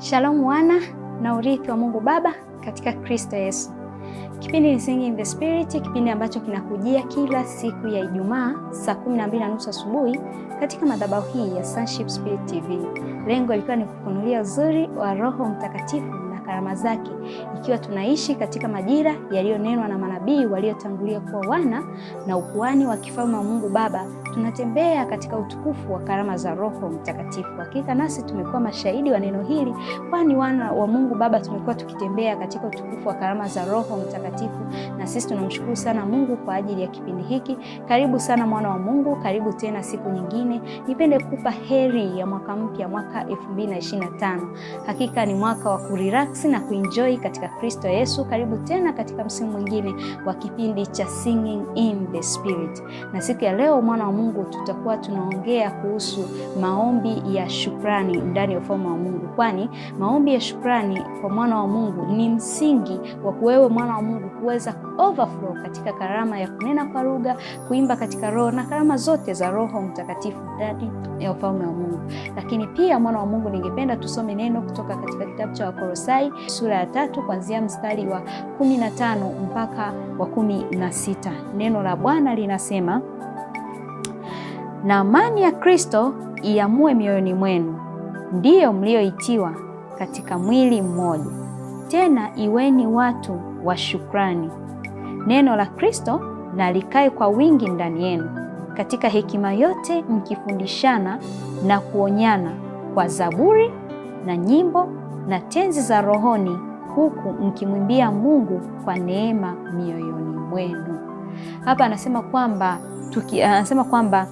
Shalom wana na urithi wa Mungu Baba katika Kristo Yesu. Kipindi ni Singing in the Spirit, kipindi ambacho kinakujia kila siku ya Ijumaa saa 12:30 asubuhi katika madhabahu hii ya Sonship Spirit TV. Lengo likiwa ni kukunulia uzuri wa Roho Mtakatifu karama zake, ikiwa tunaishi katika majira yaliyonenwa na manabii waliotangulia kuwa wana na ukuani wa kifalme wa Mungu Baba, tunatembea katika utukufu wa karama za Roho Mtakatifu. Hakika nasi tumekuwa mashahidi wa neno hili, kwani wana wa Mungu Baba tumekuwa tukitembea katika utukufu wa karama za Roho Mtakatifu, na sisi tunamshukuru sana Mungu kwa ajili ya kipindi hiki. Karibu sana mwana wa Mungu, karibu tena siku nyingine. Nipende kupa heri ya mwaka mpya, mwaka 2025. Hakika ni mwaka wa kuriraka na kuenjoy katika Kristo Yesu. Karibu tena katika msimu mwingine wa kipindi cha Singing in the Spirit, na siku ya leo, mwana wa Mungu, tutakuwa tunaongea kuhusu maombi ya shukrani ndani ya ufalme wa Mungu, kwani maombi ya shukrani kwa mwana wa Mungu ni msingi wa kuwewe mwana wa Mungu kuweza overflow katika karama ya kunena kwa lugha, kuimba katika roho na karama zote za Roho Mtakatifu ndani ya ufalme wa Mungu. Lakini pia mwana wa Mungu, ningependa tusome neno kutoka katika kitabu cha Wakolosai Mathayo sura ya tatu kuanzia mstari wa kumi na tano mpaka wa kumi na sita. Neno la Bwana linasema, na amani ya Kristo iamue mioyoni mwenu, ndiyo mlioitiwa katika mwili mmoja, tena iweni watu wa shukrani. Neno la Kristo na likae kwa wingi ndani yenu, katika hekima yote mkifundishana na kuonyana kwa zaburi na nyimbo na tenzi za rohoni, huku mkimwimbia Mungu kwa neema mioyoni mwenu. Hapa anasema kwamba tuki, anasema kwamba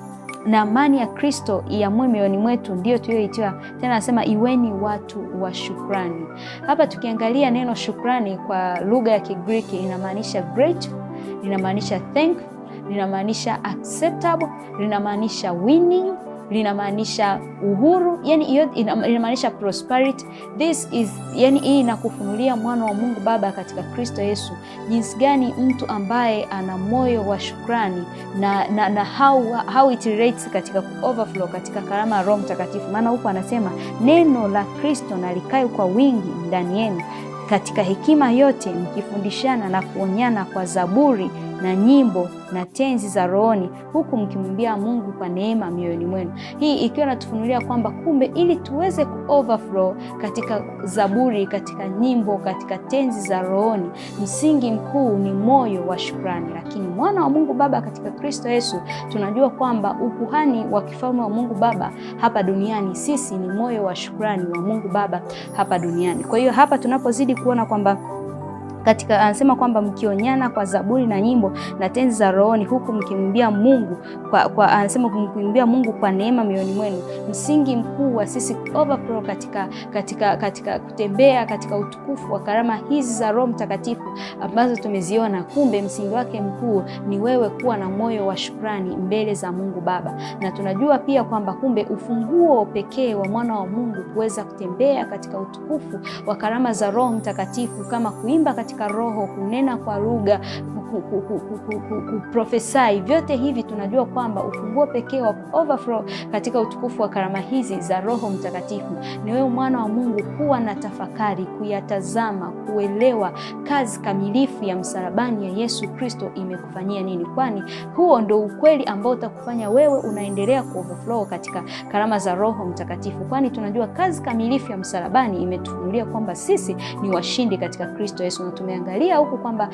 na amani ya Kristo iamue mioyoni mwetu ndiyo tuliyoitiwa. Tena anasema iweni watu wa shukrani. Hapa tukiangalia neno shukrani kwa lugha ya Kigiriki inamaanisha grateful, linamaanisha thankful, linamaanisha acceptable, linamaanisha winning linamaanisha uhuru, yani hiyo inamaanisha prosperity. This is yani, hii inakufunulia mwana wa Mungu Baba katika Kristo Yesu, jinsi gani mtu ambaye ana moyo wa shukrani na, na, na how, how it relates katika overflow katika karama ya Roho Mtakatifu, maana huko anasema neno la Kristo na likae kwa wingi ndani yenu katika hekima yote mkifundishana na kuonyana kwa zaburi na nyimbo na tenzi za rohoni, huku mkimwimbia Mungu kwa neema mioyoni mwenu. Hii ikiwa natufunulia kwamba kumbe, ili tuweze kuoverflow katika zaburi, katika nyimbo, katika tenzi za rohoni, msingi mkuu ni moyo wa shukrani. Lakini mwana wa Mungu Baba katika Kristo Yesu, tunajua kwamba ukuhani wa kifalme wa Mungu Baba hapa duniani, sisi ni moyo wa shukrani wa Mungu Baba hapa duniani. Kwa hiyo hapa tunapozidi kuona kwamba katika anasema ah, kwamba mkionyana kwa zaburi na nyimbo na tenzi za rohoni, huku mkimwimbia Mungu kwa, kwa anasema ah, kumwimbia Mungu kwa neema mioyoni mwenu. Msingi mkuu wa sisi overflow katika, katika, katika kutembea katika utukufu wa karama hizi za Roho Mtakatifu ambazo tumeziona, kumbe msingi wake mkuu ni wewe kuwa na moyo wa shukrani mbele za Mungu Baba, na tunajua pia kwamba kumbe ufunguo pekee wa mwana wa Mungu kuweza kutembea katika utukufu wa karama za Roho Mtakatifu kama kuimba katika katika roho, kunena kwa lugha kuprofesai ku, ku, ku, ku, vyote hivi tunajua kwamba ufunguo pekee wa overflow katika utukufu wa karama hizi za Roho Mtakatifu ni wewe mwana wa Mungu kuwa na tafakari, kuyatazama, kuelewa kazi kamilifu ya msalabani ya Yesu Kristo imekufanyia nini, kwani huo ndo ukweli ambao utakufanya wewe unaendelea overflow katika karama za Roho Mtakatifu, kwani tunajua kazi kamilifu ya msalabani imetufunulia kwamba sisi ni washindi katika Kristo Yesu, na tumeangalia huku kwamba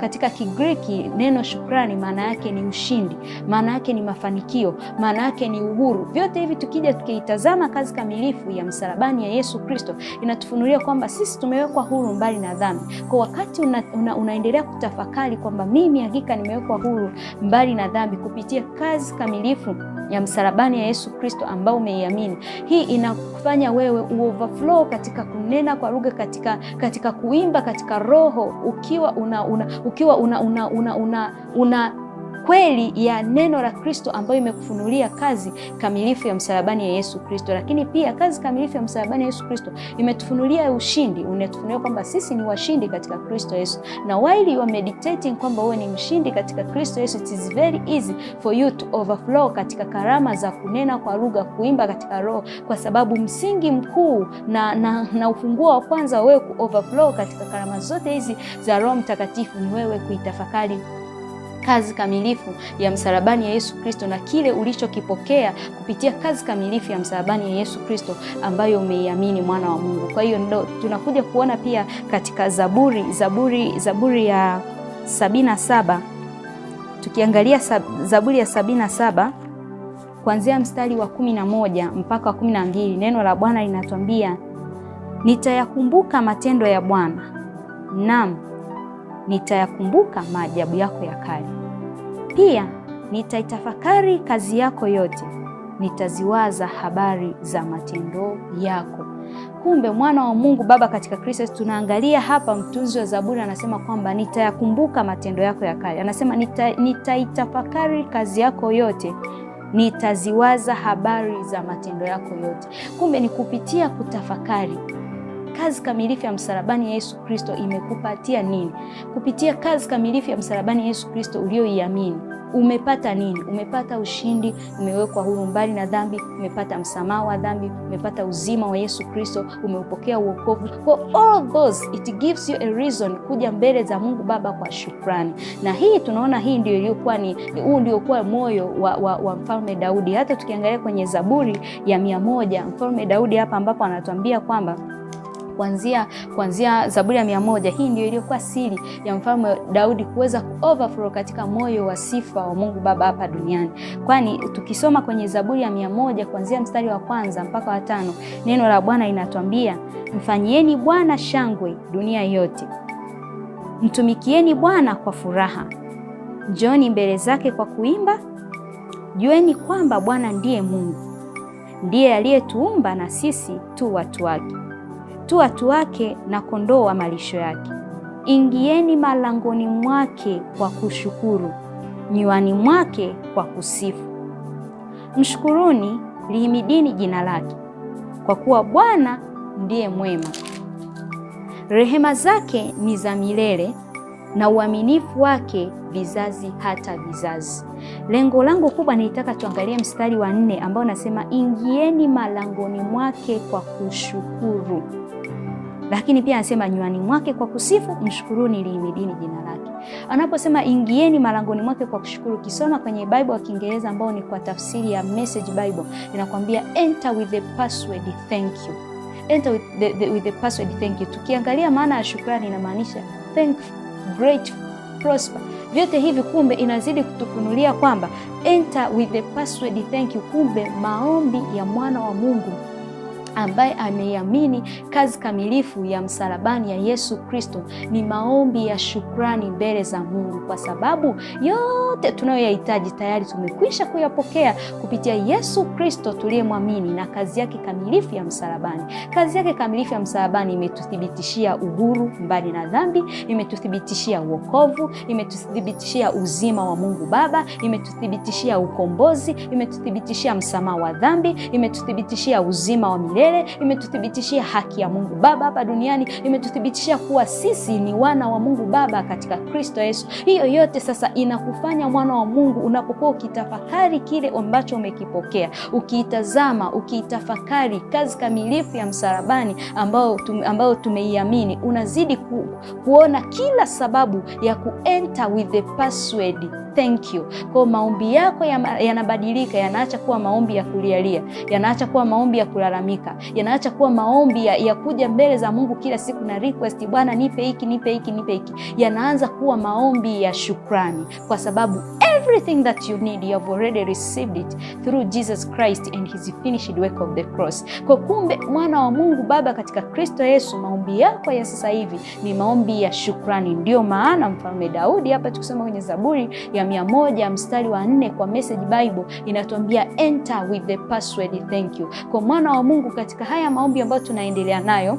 katika Kigiriki neno shukrani maana yake ni ushindi, maana yake ni mafanikio, maana yake ni uhuru. Vyote hivi tukija tukiitazama kazi kamilifu ya msalabani ya Yesu Kristo inatufunulia kwamba sisi tumewekwa huru mbali na dhambi. Kwa wakati una, una, unaendelea kutafakari kwamba mimi hakika nimewekwa huru mbali na dhambi kupitia kazi kamilifu ya msalabani ya Yesu Kristo ambao umeiamini. Hii inakufanya wewe uoverflow katika kunena kwa lugha, katika, katika kuimba katika roho ukiwa una, una, ukiwa una, una, una, una, una kweli ya neno la Kristo ambayo imekufunulia kazi kamilifu ya msalabani ya Yesu Kristo. Lakini pia kazi kamilifu ya msalabani ya Yesu Kristo imetufunulia ushindi, unatufunulia kwamba sisi ni washindi katika Kristo Yesu. Na while you are meditating kwamba wewe ni mshindi katika Kristo Yesu, it is very easy for you to overflow katika karama za kunena kwa lugha, kuimba katika roho, kwa sababu msingi mkuu na, na, na ufunguo wa kwanza wewe ku overflow katika karama zote hizi za Roho Mtakatifu ni wewe kuitafakari kazi kamilifu ya msalabani ya Yesu Kristo na kile ulichokipokea kupitia kazi kamilifu ya msalabani ya Yesu Kristo ambayo umeiamini, mwana wa Mungu. Kwa hiyo ndo tunakuja kuona pia katika Zaburi, Zaburi, Zaburi ya sabini na saba tukiangalia sab, Zaburi ya sabini na saba kuanzia mstari wa kumi na moja mpaka wa kumi na mbili neno la Bwana linatuambia nitayakumbuka matendo ya Bwana Naam, nitayakumbuka maajabu yako ya kale, pia nitaitafakari kazi yako yote, nitaziwaza habari za matendo yako. Kumbe mwana wa Mungu Baba katika Kristo tunaangalia hapa, mtunzi wa Zaburi anasema kwamba nitayakumbuka matendo yako ya kale, anasema nita, nitaitafakari kazi yako yote nitaziwaza habari za matendo yako yote. Kumbe ni kupitia kutafakari kazi kamilifu ya msalabani ya Yesu Kristo imekupatia nini? Kupitia kazi kamilifu ya msalabani ya Yesu Kristo uliyoiamini umepata nini? Umepata ushindi, umewekwa huru mbali na dhambi, umepata msamaha wa dhambi, umepata uzima wa Yesu Kristo, umeupokea uokovu. For all those it gives you a reason kuja mbele za Mungu Baba kwa shukrani, na hii tunaona hii ndio iliyokuwa ni huu ndio kwa moyo wa, wa, wa mfalme Daudi. Hata tukiangalia kwenye Zaburi ya mia moja mfalme Daudi hapa ambapo anatuambia kwamba kuanzia kuanzia Zaburi ya mia moja. Hii ndio iliyokuwa siri ya mfalme Daudi kuweza kuoverflow katika moyo wa sifa wa Mungu Baba hapa duniani, kwani tukisoma kwenye Zaburi ya mia moja kuanzia mstari wa kwanza mpaka wa tano, neno la Bwana linatuambia mfanyieni Bwana shangwe dunia yote, mtumikieni Bwana kwa furaha, njoni mbele zake kwa kuimba. Jueni kwamba Bwana ndiye Mungu, ndiye aliyetuumba na sisi tu watu wake tu watu wake na kondoo wa malisho yake. Ingieni malangoni mwake kwa kushukuru, nywani mwake kwa kusifu. Mshukuruni, lihimidini jina lake, kwa kuwa Bwana ndiye mwema. Rehema zake ni za milele na uaminifu wake vizazi hata vizazi. Lengo langu kubwa nilitaka tuangalie mstari wa nne ambao nasema, ingieni malangoni mwake kwa kushukuru. Lakini pia anasema nywani mwake kwa kusifu mshukuruni, liimidini jina lake. Anaposema ingieni malangoni mwake kwa kushukuru, kisoma kwenye Bible ya Kiingereza ambao ni kwa tafsiri ya Message Bible inakwambia enter with the password thank you, enter with the, the, with the password thank you. Tukiangalia maana ya shukrani inamaanisha thankful, grateful, prosper vyote hivi kumbe inazidi kutufunulia kwamba enter with the password thank you, kumbe maombi ya mwana wa Mungu ambaye ameiamini kazi kamilifu ya msalabani ya Yesu Kristo ni maombi ya shukrani mbele za Mungu kwa sababu yo yote tunayoyahitaji tayari tumekwisha kuyapokea kupitia Yesu Kristo tuliyemwamini na kazi yake kamilifu ya msalabani. Kazi yake kamilifu ya msalabani imetuthibitishia uhuru mbali na dhambi, imetuthibitishia wokovu, imetuthibitishia uzima wa Mungu Baba, imetuthibitishia ukombozi, imetuthibitishia msamaha wa dhambi, imetuthibitishia uzima wa milele, imetuthibitishia haki ya Mungu Baba hapa duniani, imetuthibitishia kuwa sisi ni wana wa Mungu Baba katika Kristo Yesu. Hiyo yote sasa inakufanya mwana wa Mungu unapokuwa ukitafakari kile ambacho umekipokea, ukiitazama, ukiitafakari kazi kamilifu ya msalabani ambayo tumeiamini, unazidi ku, kuona kila sababu ya kuenter with the password thank you. Kwa maombi yako yanabadilika, yanaacha kuwa maombi ya kulialia, yanaacha kuwa maombi ya kulalamika, yanaacha kuwa maombi ya, ya kuja mbele za Mungu kila siku na request, Bwana nipe hiki, nipe hiki, nipe hiki. Yanaanza kuwa maombi ya shukrani kwa sababu Everything that you need you have already received it through Jesus Christ and his finished work of the cross. Kwa kumbe, mwana wa Mungu Baba katika Kristo Yesu, maombi yako ya sasa hivi ni maombi ya shukrani. Ndiyo maana mfalme Daudi hapa tukisoma kwenye Zaburi ya mia moja mstari wa nne kwa Message Bible inatuambia enter with the password thank you. Kwa mwana wa Mungu katika haya maombi ambayo tunaendelea nayo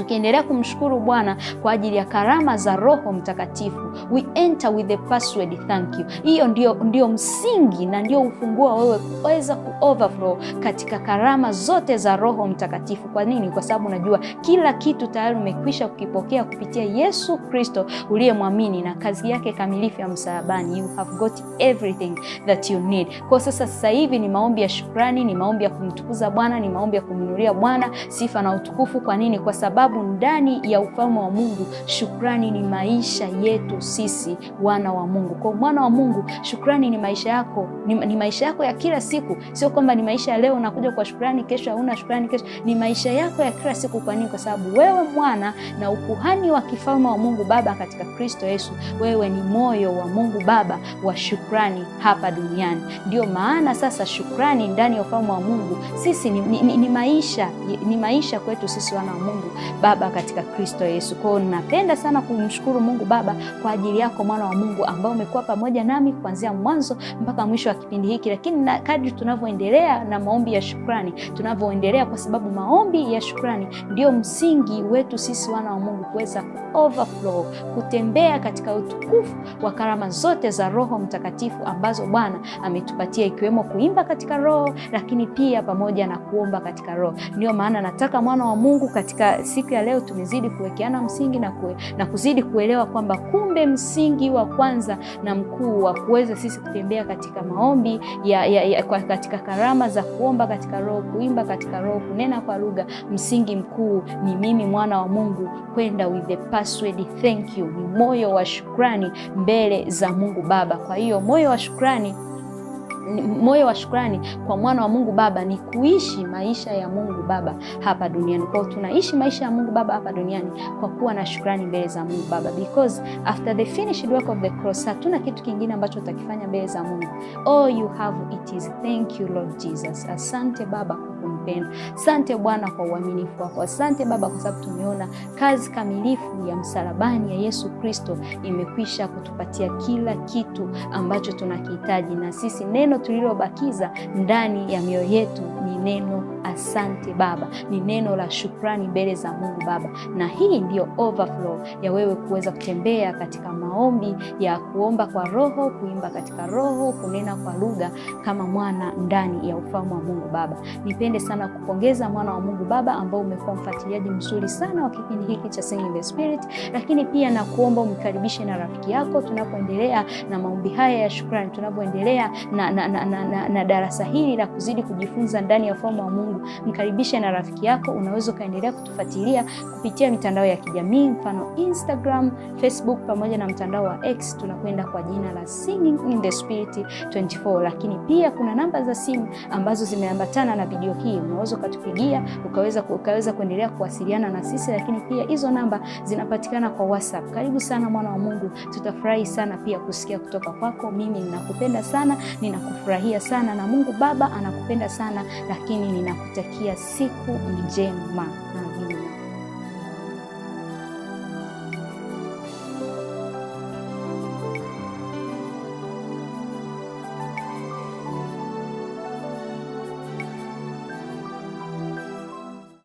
tukiendelea kumshukuru Bwana kwa ajili ya karama za Roho Mtakatifu. We enter with the password thank you. Hiyo ndio, ndio msingi na ndio ufunguo wa wewe kuweza ku overflow katika karama zote za Roho Mtakatifu. Kwa nini? Kwa sababu unajua kila kitu tayari umekwisha kukipokea kupitia Yesu Kristo uliyemwamini na kazi yake kamilifu ya msalabani. You have got everything that you need. Kwa sasa, sasa hivi ni maombi ya shukrani, ni maombi ya kumtukuza Bwana, ni maombi ya kumnuria Bwana sifa na utukufu. Kwa nini? Kwa sababu sababu ndani ya ufalme wa Mungu shukrani ni maisha yetu sisi wana wa Mungu. Kwa mwana wa Mungu, shukrani ni maisha yako, ni, ni maisha yako ya kila siku, sio kwamba ni maisha ya leo unakuja kwa shukrani, kesho hauna shukrani, kesho ni maisha yako ya kila siku. Kwa nini? Kwa sababu wewe mwana na ukuhani wa kifalme wa Mungu Baba katika Kristo Yesu, wewe ni moyo wa Mungu Baba wa shukrani hapa duniani. Ndio maana sasa shukrani ndani ya ufalme wa Mungu sisi ni, ni, ni, ni maisha ni maisha kwetu sisi wana wa Mungu. Baba katika Kristo Yesu. Kwao napenda sana kumshukuru Mungu Baba kwa ajili yako mwana wa Mungu ambao umekuwa pamoja nami kuanzia mwanzo mpaka mwisho wa kipindi hiki, lakini na kadri tunavyoendelea na maombi ya shukrani, tunavyoendelea kwa sababu maombi ya shukrani ndio msingi wetu sisi wana wa Mungu kuweza overflow, kutembea katika utukufu wa karama zote za Roho Mtakatifu ambazo Bwana ametupatia ikiwemo kuimba katika Roho, lakini pia pamoja na kuomba katika Roho. Ndio maana nataka mwana wa Mungu katika siku ya leo tumezidi kuwekeana msingi na, kue, na kuzidi kuelewa kwamba kumbe msingi wa kwanza na mkuu wa kuweza sisi kutembea katika maombi ya, ya, ya, katika karama za kuomba, katika roho kuimba, katika roho kunena kwa lugha, msingi mkuu ni mimi mwana wa Mungu kwenda with the password thank you, ni moyo wa shukrani mbele za Mungu Baba. Kwa hiyo moyo wa shukrani moyo wa shukrani kwa mwana wa Mungu Baba ni kuishi maisha ya Mungu Baba hapa duniani. Kwa tunaishi maisha ya Mungu Baba hapa duniani kwa kuwa na shukrani mbele za Mungu Baba, because after the finished work of the cross hatuna kitu kingine ambacho utakifanya mbele za Mungu. All you have it is thank you Lord Jesus. Asante Baba unampenda. Sante Bwana kwa uaminifu wako, asante Baba kwa sababu tumeona kazi kamilifu ya msalabani ya Yesu Kristo imekwisha kutupatia kila kitu ambacho tunakihitaji, na sisi neno tulilobakiza ndani ya mioyo yetu ni neno asante Baba, ni neno la shukrani mbele za Mungu Baba, na hii ndiyo overflow ya wewe kuweza kutembea katika maombi ya kuomba kwa Roho, kuimba katika Roho, kunena kwa lugha kama mwana ndani ya ufalme wa Mungu Baba. Nipende sana kupongeza mwana wa Mungu Baba ambao umekuwa mfuatiliaji mzuri sana wa kipindi hiki cha Sing in the Spirit, lakini pia na kuomba umkaribishe na rafiki yako tunapoendelea na maombi haya ya shukrani, tunapoendelea na, na, na, na, na, na darasa hili la kuzidi kujifunza ndani ya ufalme wa Mungu. Mkaribishe na rafiki yako. Unaweza ukaendelea kutufuatilia kupitia mitandao ya kijamii mfano Instagram, Facebook pamoja na mtandao wa X, tunakwenda kwa jina la Singing in the Spirit 24, lakini pia kuna namba za simu ambazo zimeambatana na video hii simu, unaweza ukatupigia ukaweza, ukaweza kuendelea kuwasiliana na sisi, lakini pia hizo namba zinapatikana kwa WhatsApp. Karibu sana mwana wa Mungu, tutafurahi sana pia kusikia kutoka kwako. Mimi ninakupenda sana, ninakufurahia sana, na Mungu Baba anakupenda sana, lakini ninakutakia siku njema.